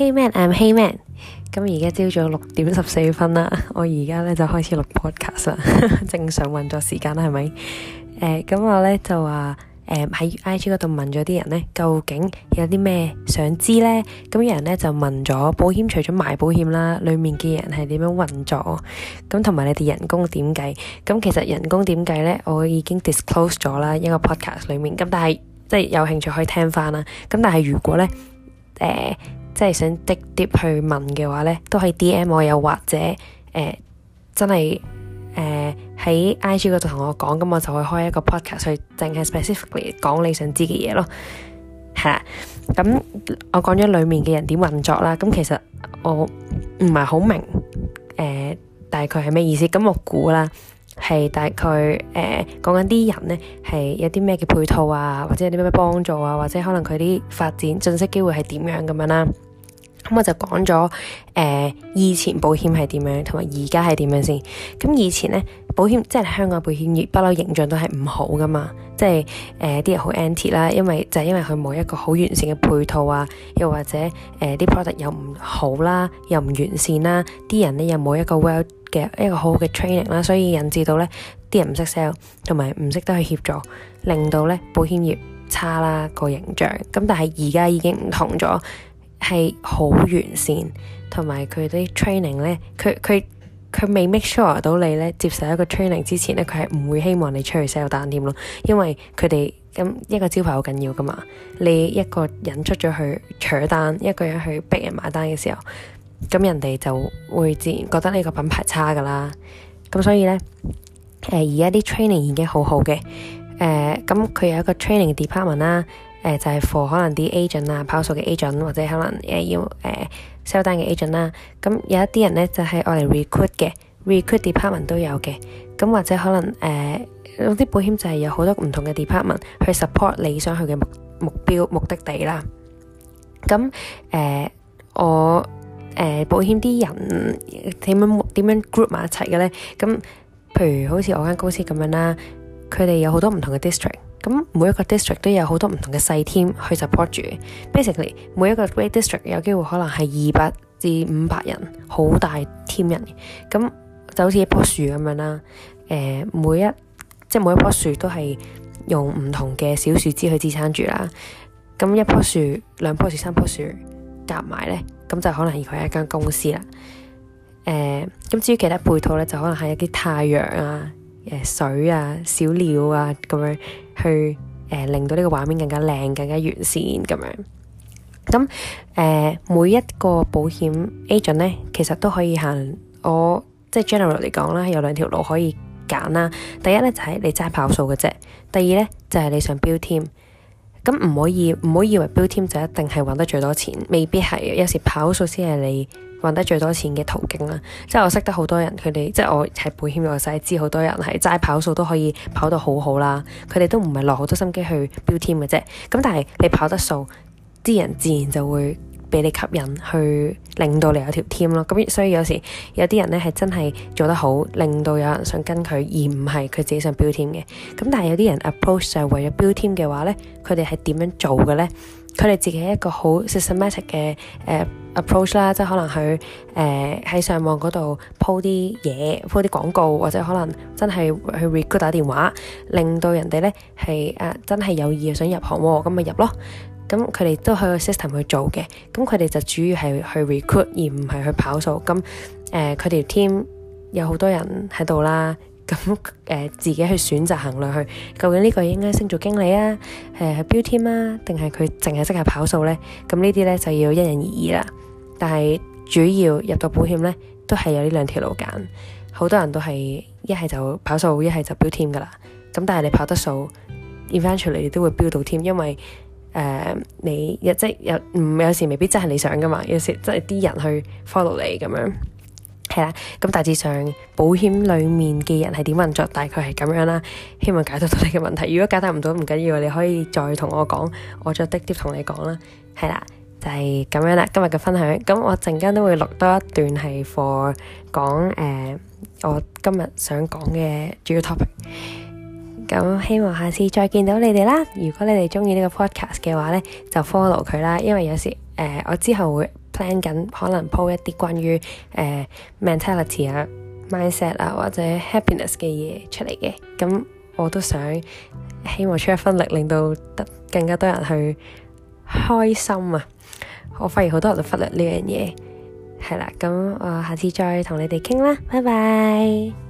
Hey man，I'm Hey man。咁而家朝早六點十四分啦，我而家咧就開始錄 podcast 啦， 正常運作時間啦，係咪？誒、呃，咁我咧就話誒喺 I G 度問咗啲人咧，究竟有啲咩想知咧？咁有人咧就問咗保險，除咗賣保險啦，裏面嘅人係點樣運作？咁同埋你哋人工點計？咁其實人工點計咧，我已經 disclose 咗啦，一個 podcast 裏面。咁但係即係有興趣可以聽翻啦。咁但係如果咧誒。呃即係想滴滴去問嘅話呢，都可以 DM 我，又或者誒、呃、真係誒喺 IG 嗰度同我講咁，我就會開一個 podcast 去淨係 specifically 講你想知嘅嘢咯。係啦，咁我講咗裡面嘅人點運作啦。咁其實我唔係好明誒、呃、大概係咩意思。咁我估啦，係大概誒、呃、講緊啲人呢係有啲咩嘅配套啊，或者有啲咩幫助啊，或者可能佢啲發展晉升機會係點樣咁樣啦。咁我就講咗誒以前保險係點樣，同埋而家係點樣先。咁以前呢，保險即係香港保險業，不嬲形象都係唔好㗎嘛。即係誒啲人好 anti 啦，因為就係因為佢冇一個好完善嘅配套啊，又或者誒啲 product 又唔好啦，又唔完善啦，啲人呢又冇一個 well 嘅一個好好嘅 training 啦，所以引致到呢啲人唔識 sell，同埋唔識得去協助，令到呢保險業差啦個形象。咁但係而家已經唔同咗。係好完善，同埋佢啲 training 咧，佢佢佢未 make sure 到你咧，接受一個 training 之前咧，佢係唔會希望你出去 sell 單添咯，因為佢哋咁一個招牌好緊要噶嘛，你一個人出咗去扯單，一個人去逼人買單嘅時候，咁人哋就會自然覺得呢個品牌差噶啦，咁所以咧，誒而家啲 training 已經好好嘅，誒咁佢有一個 training department 啦。誒、呃、就係、是、for 可能啲 agent 啊，跑數嘅 agent 或者可能誒要誒 sell 單嘅 agent 啦。咁、呃呃啊嗯、有一啲人咧就係、是、我嚟 recruit 嘅，recruit department 都有嘅。咁、啊、或者可能誒，啲、呃、保險就係有好多唔同嘅 department 去 support 你想去嘅目目標目的地啦。咁、啊、誒、嗯啊、我誒、呃、保險啲人點樣點樣 group 埋一齊嘅咧？咁、啊、譬、嗯、如好似我間公司咁樣啦，佢、啊、哋有好多唔同嘅 district。咁每一個 district 都有好多唔同嘅細 team 去 support 住。Basically，每一個 great district 有機會可能係二百至五百人，好大 team 人。咁就好似一棵樹咁樣啦。誒、呃，每一即係每一樖樹都係用唔同嘅小樹枝去支撐住啦。咁一棵樹、兩樖樹、三樖樹夾埋咧，咁就可能係佢一間公司啦。誒、呃，咁至於其他配套咧，就可能係一啲太陽啊、誒水啊、小鳥啊咁樣。去誒、呃、令到呢個畫面更加靚，更加完善咁樣。咁誒、呃、每一個保險 agent 咧，其實都可以行我即係 general 嚟講啦，有兩條路可以揀啦。第一咧就係、是、你齋跑數嘅啫，第二咧就係、是、你想 build team。e 咁唔可以唔可以以為 build team 就一定係揾得最多錢，未必係。有時跑數先係你。揾得最多錢嘅途徑啦，即係我識得好多人，佢哋即係我係保險業仔，知好多人係齋跑數都可以跑到好好啦，佢哋都唔係落好多心機去 build team 嘅啫，咁但係你跑得數，啲人自然就會，俾你吸引，去令到你有條 team 咯。咁所以有時有啲人咧係真係做得好，令到有人想跟佢，而唔係佢自己想標 team 嘅。咁但係有啲人 approach 就係為咗標 team 嘅話咧，佢哋係點樣做嘅咧？佢哋自己係一個好 systematic 嘅誒、uh, approach 啦，即係可能去誒喺、uh, 上網嗰度鋪啲嘢，鋪啲廣告，或者可能真係去 recruit 打電話，令到人哋咧係誒真係有意想入行喎，咁咪入咯。咁佢哋都去個 system 去做嘅，咁佢哋就主要係去 recruit，而唔係去跑數。咁誒，佢哋 team 有好多人喺度啦，咁誒、呃、自己去選擇行落去，究竟呢個應該升做經理啊，誒係標 team 啊，定係佢淨係識係跑數呢？咁呢啲呢就要因人而異啦。但係主要入到保險呢，都係有呢兩條路揀。好多人都係一係就跑數，一係就標 team 噶啦。咁但係你跑得數，n 翻出嚟都會標到 team，因為。誒，uh, 你有即有，唔有時未必真係你想㗎嘛，有時真係啲人去 follow 你咁樣，係啦。咁大致上保險裏面嘅人係點運作，大概係咁樣啦。希望解答到你嘅問題。如果解答唔到唔緊要，你可以再同我講，我再滴滴同你講啦。係啦，就係、是、咁樣啦。今日嘅分享，咁我陣間都會錄多一段係 for 講誒，uh, 我今日想講嘅主要 topic。咁希望下次再見到你哋啦。如果你哋中意呢個 podcast 嘅話呢就 follow 佢啦。因為有時誒、呃，我之後會 plan 緊，可能 po 一啲關於誒、呃、mentality 啊、mindset 啊或者 happiness 嘅嘢出嚟嘅。咁我都想希望出一分力，令到得更加多人去開心啊！我發現好多人都忽略呢樣嘢，係啦。咁我下次再同你哋傾啦，拜拜。